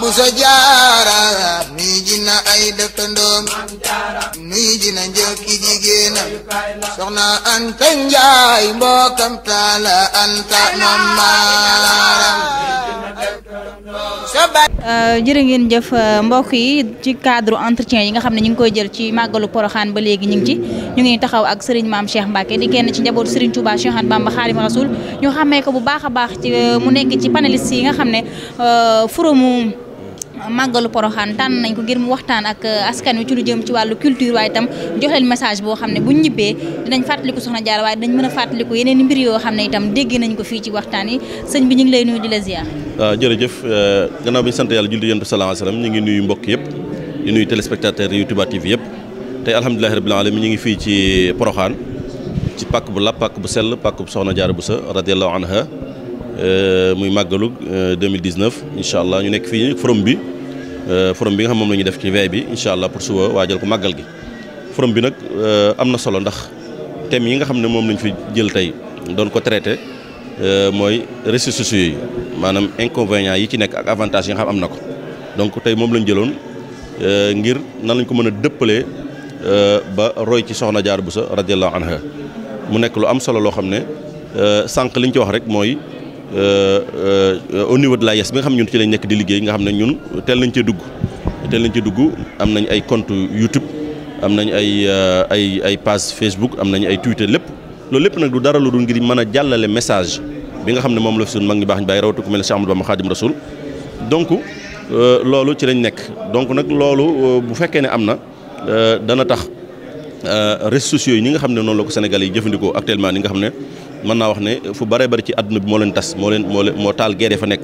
mambu so mi jina ji na ay dëkkandoom nuy ji na njëkki jigéenam soxna Anta Njaay mbokkam taala Anta mamaaram eh, jërë ngeen jëf eh, mbokk yi ci cadre entretien yi nga xamne ñu ngi koy jël ci magalu poroxaan ba léegi ñu ngi ci ñu ngi taxaw ak serigne mam Cheikh mbake di kenn ci njabot serigne Touba Cheikh Bamba khalim rasoul ñu xamé ko bu baaxa baax ci eh, mu nekk ci panelist yi nga xamne euh màggalu poroxaan tànn nañ ko ngir mu waxtaan ak euh, askan wi ci lu jëm ci wàllu culture waaye itam jox message boo xam ne buñ ñibbee dinañ fàttaliku soxna Jaara waaye dinañ mën a fàttaliku yeneen mbir yoo xam ne itam dégg nañ ko fii ci waxtaan yi sëñ bi ñu ngi lay nuyu di la ziar. waaw ah, jërëjëf euh, gannaaw bi sant yàlla julli yonent bi sallallahu alayhi wasallam ñu ngi nuyu mbokk yëpp di nuyu téléspectateurs yu yëpp tey alhamdulilahi ñu ngi fii ci poroxaan ci pàkk bu lab pàkk bu sell pàkk bu soxna Jaara Buso radiyallahu euh, muy màggalu 2019 incha allah ñu nekk fii forum bi Euh, forum bi nga xam moom la ñuy def ci veille bi incha allah pour suba waajal ko màggal gi forum bi nag euh, am na solo ndax thèmes yi nga xam ne moom lañ fi jël tey doon ko traité euh, mooy réseaux yi maanaam inconvénients yi ci nekk ak avantages yi nga xam am na ko donc tey moom lañ jëloon ngir nan lañ ko mën a dëppale ba roy ci soxna Diarra Bousso radiyallahu anha mu nekk lu am solo loo xam ne sànq liñ ci wax rek mooy. Euh, euh, au niveau de la yes bi nga xam ñun ci lañ nekk di liggéey nga xam ne ñun teel nañ cee dugg teel nañ cee dugg am nañ ay compte YouTube am nañ ay euh, ay ay page Facebook am nañ ay Twitter lépp loolu lépp nag du dara lu dul ngir mën a jàllale message bi nga xam ne moom la fi suñu mag ñi baax ñu bàyyi rawatu ku mel ne Cheikh Amadou Bamba Khadim Rasoul donc loolu ci lañ nekk donc nag loolu bu fekkee ne am na dana tax réseaux sociaux yi ñi nga xam ne noonu la ko yi jëfandikoo actuellement ñi nga xam ne mën naa wax ne fu bare bari ci àdduna bi moo leen tas moo leen moo leen moo taal guerre fa nekk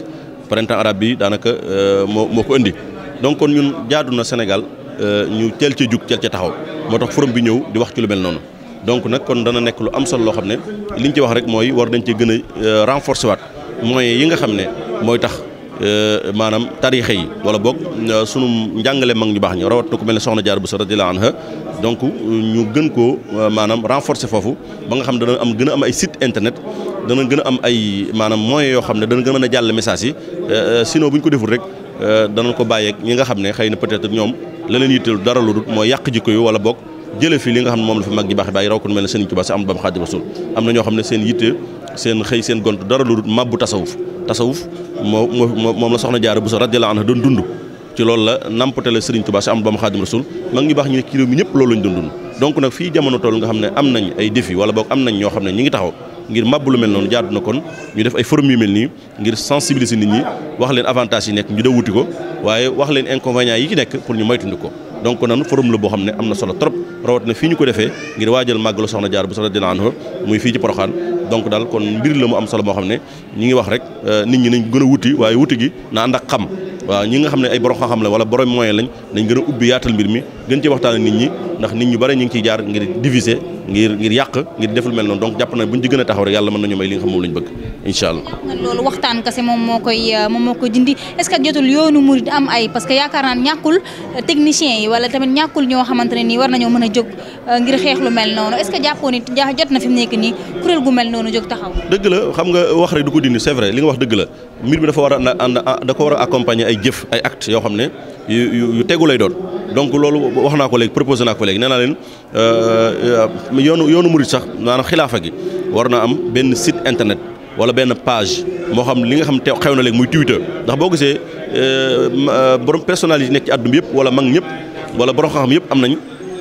printemps arabe bi daanaka euh, moo moo ko indi donc kon ñun jaadu na Sénégal euh, ñu teel ca jug teel ca taxaw moo tax forum bi ñëw di wax ci lu mel noonu donc nag kon dana nekk lu am solo loo xam ne li ñu ci wax rek mooy war nañ ci gën a euh, renforcer waat moyens yi nga xam ne mooy tax. Euh, maanaam tariixa yi wala boog euh, sunu njàngale mag ñu baax ñu rawat na ku mel ne soxna jaar bu sa radiyallahu anha donc euh, ñu gën koo maanaam renforcer foofu ba nga xam dana am gën a am ay site internet dana gën a am ay maanaam moyens yoo xam ne dana gën a mën a jàll message yi sinon bu ñu ko deful rek danañ ko bàyyeeg ñi nga xam ne xëy na peut-être ñoom la leen yitteel dara lu mooy yàq jikko yu wala boog jële fi li nga xam ne moom la fi mag ñi baax bàyyi raw na ñoo xam ne seen yitte seen xëy seen gont dara lu dul màbbu tasawuf tasawuf moo moo moom la soxna jaara Buso radiyallaahu anha doon dund ci loolu la nampate la Serigne Touba si am bam xaadim rasul mag ñu baax ñu nekk mi ñëpp loolu lañ doon dund donc nag fii jamono toll nga xam ne am nañ ay défi wala boog am nañ ñoo xam ne ñu ngi taxaw ngir màbb lu mel noonu jaadu na kon ñu def ay forum yu mel nii ngir sensibiliser nit ñi wax leen avantage yi nekk ñu da wuti ko waaye wax leen inconvénients yi ci nekk pour ñu moytundi ko donc nan forum la boo xam ne am na solo trop rawatina fii ñu ko defee ngir waajal màggalu soxna jaar bu soxna dina anha muy fii ci Poroxaan donc daal kon mbir la mu am solo moo xam ne ñi ngi wax rek euh, nit ñi nañ gën a wuti waaye wuti gi na ànd ak xam waaw ñi nga xam ne ay borom xam-xam la borom moyen lañ nañ gën a ubbi yaatal mbir mi gën ci waxtaan nit ñi ndax nit ñu bari ñu a taxaw rek nga xam moom loolu waxtaan kese moom euh, moom moo koy dindi est jotul yoonu murid am ay parce yaakaar naan ñàkkul euh, technicien yi wala tamit ñàkkul ñoo xamante nii war nañoo mën a jóg ngir xeex lu mel noonu est-ce noonu jóg taxaw. dëgg la xam nga wax rek du ko dindi c'est vrai li nga wax dëgg la mbir mi dafa war a ànd da ko war a accompagner ay jëf ay actes yoo xam ne yu yu tegu lay doon donc loolu wax naa ko léegi proposé naa ko léegi nee naa leen euh, yoonu yoonu murid sax maanaam xilaafa gi war na am benn site internet wala benn page moo xam li nga xam te xew na léegi muy Twitter ndax boo gisee euh, euh, borom personnalité yi nekk ci àdduna bi yëpp wala mag ñëpp wala borom xam-xam yëpp am nañ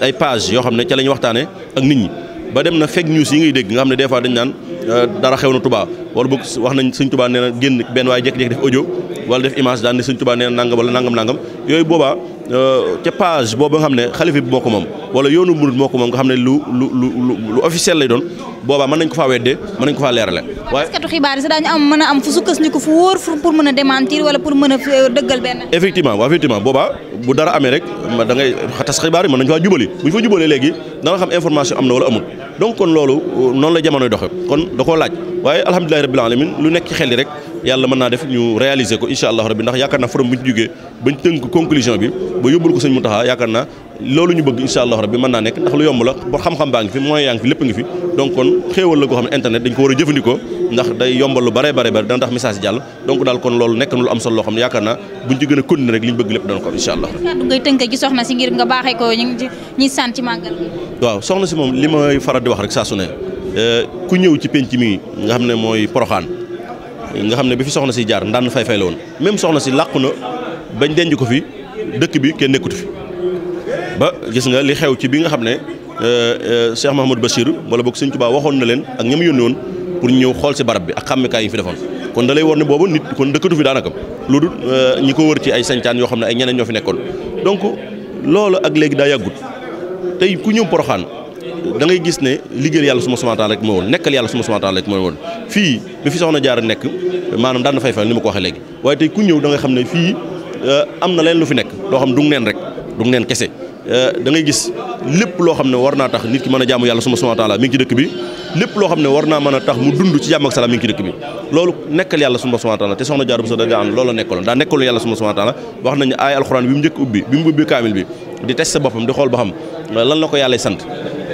ay page yoo xam ne ca la ñuy waxtaanee ak nit ñi ba dem na fake news yi ngay dégg xam ne des dañ naan Euh, dara xew na Touba wala boog wax nañ Sëñ Touba nee na génn benn waaye jékki-jékki def audio wala def image daan ne Sëñ nee na nangam wala nangam nangam yooyu boobaa Euh, ca page boobu nga xam ne xalifa bi moo ko moom wala yoonu murid moo ko moom nga xam ne lu lu lu officiel lay doon boobaa mën nañ ko faa weddee mën nañ ko faa leerale waaye a am fu sukkandiku fu wóor pour mën a démentir wala pour mën a euh, dëggal benn effectivement waaw bu dara amee rek da ngay tas xibaar yi mën nañu faa jubali bu ñu fa jubalee léegi danga xam information am na wala amul donc kon loolu euh, noonu la jamonoy doxe kon da koo laaj waaye alhamdulilahi rabbil alamin lu nekk ci rek yalla mën naa def ñu réaliser ko inshallah rabbi ndax yakarna forum bu ñu jógee teunk conclusion bi ba yobul ko sëñ Mountakha yakarna lolu ñu bëgg inshallah rabbi mën naa nekk ndax lu yomb la bo xam-xam baangi fi moy yaa fi lepp ngi fi donc kon xéewal la koo xam internet dañ ko wara jëfëndiko ndax day yombal lu bare bare bare ndax message jall donc dal kon lolu nek lu am solo xam yakarna yaakaar naa buñ ci gën a rek li bëgg lepp dana ko inshallah du ngay tënk ci soxna ci ngir nga baxé ko ñi ñi sant ci waaw soxna ci mom limay may faral di wax rek sa su euh ku ñëw ci penc mi nga xam moy mooy nga xam ne bi fi soxna si jaar ndànn fay fay la woon même soxna si làqu na bañ denj ko fi dëkk bi kenn nekkatu fi ba gis nga li xew ci bi nga xam ne euh, euh, Cheikh Mahamadou Bachir wala boog Sëñ Tuubaa waxoon na leen ak ñam yónni woon pour ñëw xool si barab bi ak xàmmekaay yi fi defoon kon dalay lay war ne boobu nit kon dëkkatu fi daanaka lu dul euh, ñi ko war ci ay sañcaan yoo xam ne ay ñeneen ñoo fi nekkoon donc loolu ak léegi daa yàggut tey ku ñëw Poroxaan da gis ne liggéeyal yàlla suma wa taala rek mooy woon nekkal yàlla suma subhanahu wa taala rek mooy woon fii bi fi soxna jaar da nga xam ne fii euh, am na leen lu fi nekk loo xam du neen rek du neen kese euh, da ngay gis lépp loo xam ne war naa tax nit ki mën a jaamu yàlla suma subhanahu wa taala loo naa mën a tax mu dund ci jàmm ak salaam mi ngi ci dëkk bi loolu nekkal yàlla suma subhanahu wa taala te soxna jaar bu sa daga am loola nekkaloon daa nekkaloon suma taala wax nañu aay alxuraan bi mu njëkk ubbi bi mu ubbi kaamil bi di test sa boppam di xool ba xam lan la ko yàlla sant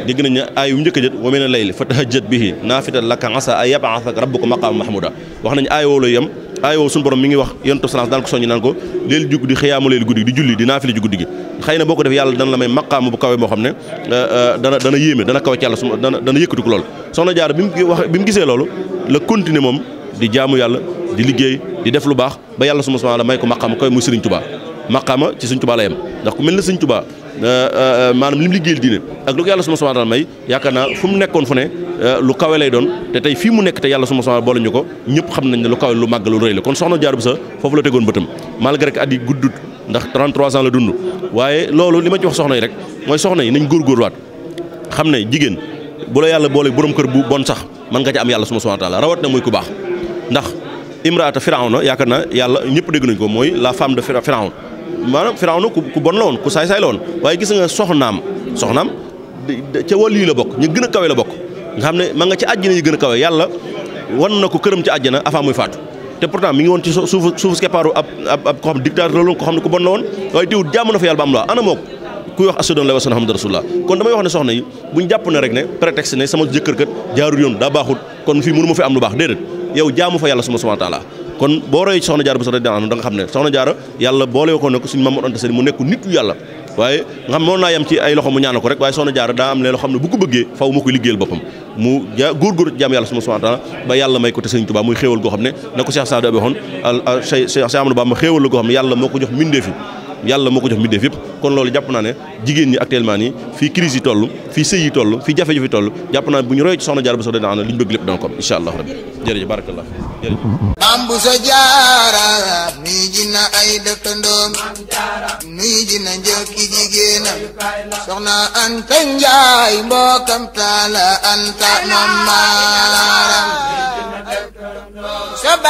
dégg nañ ne aay yu njëkk a jët wa mina layli fa tahajjat bihi naafilatan laka asaa an yab'athaka rabbuka maqaaman mahmuuda wax nañ aay woo la yem aay woo suñu borom mi ngi wax yonent sallallahu alayhi wasallam daan ko soññi naan ko léegi jug di xiyaamu léegi guddi di julli di naafile ji guddi gi na boo ko def yàlla dana la may maqaam bu kawe moo xam ne euh, euh, dana dana yéeme dana kawe ci yàlla suma dana dana yëkkatiku lool soxna jaar bi mu gisee loolu la continuer moom di jaamu yàlla di liggéey di def lu baax ba yàlla suma subhaanahu wa ta'aala may ko maqaama koy muy Sëriñ Tuubaa maqaama ci Sëriñ Tuubaa Euh, euh, euh, maanaam li mu liggéeyal diine ak lu ko yàlla suma subhaana taala may yaakaar naa fu mu nekkoon fu ne lu kawe lay doon te tey fii mu nekk te yàlla suma subhaana boole ñu ko ñëpp xam nañ ne lu kawe lu màgg lu rëy la kon soxna Diarra Bousso foofu la tegoon bëtam malgré que at yi guddut ndax 33 ans la dund waaye loolu li ma ci wax soxna yi rek mooy soxna yi nañ góor góor waat xam ne jigéen bu la yàlla boole borom kër bu bon sax man nga ci am yàlla suma subhaana rawat na muy ku baax ndax imraata firawna yaakaar naa yàlla ñëpp dégg nañ ko mooy la femme de firawna maanaam Firawna ku bon la woon ku saay-saay la woon waaye gis nga soxnaam soxnaam ca wàllu yi la bokk ñu gën a kawe la bokk nga xam ne ma nga ci àjjana yi gën a kawe yàlla wan na ko këram ci àjjana avant muy faatu te pourtant mi ngi woon ci suuf suufu keppaaru ab ab ko xam dictateur la woon ko xam ne ku bon la woon waaye teewul jàmm na fa yàlla ba am loi ana mook kuy wax ashaduan la wa sana hamdu rasulullah kon damay wax ne soxna yi buñ jàpp ne rek ne prétexte ne kon fii mënu ma fi am lu baax déedéet yow jaamu fa yàlla suma subhanahu wa kon boo roy soxna jaara bu sa radiyallaahu anha da nga xam ne soxna jaara yàlla boole ko ne ko suñu mamadou anta sali mu nekk nit yu yàlla waaye nga xam moo naa yem ci ay loxo mu ñaanal ko rek waaye soxna jaara daa am leen loo xam ne bu ko bëggee faw mu koy liggéeyal boppam mu góorgóor jaam yàlla subhaanahu wa taala may ko te sëñ Tuubaa muy goo xam ne na ko Cheikh Saadu Abi waxoon Cheikh la goo xam ne yàlla moo ko jox mbindee fi yàlla moo ko jox mbindeef yëpp kon loolu jàpp naa ne jigéen ñi actuellement nii fii crise yi toll fii sëy yi toll fii jafe-jafe yi toll jàpp naa ne bu ñu royee ci soxna jaara bu sax dana am li ñu bëgg lépp dana ko am incha allah rabbi jërëjëf barakallah jërëjëf maam bu sa jaara nuy ji na ay dëkkandoom nuy ji na njëkki jigéenam soxna anta njaay mbokkam taala anta mamaram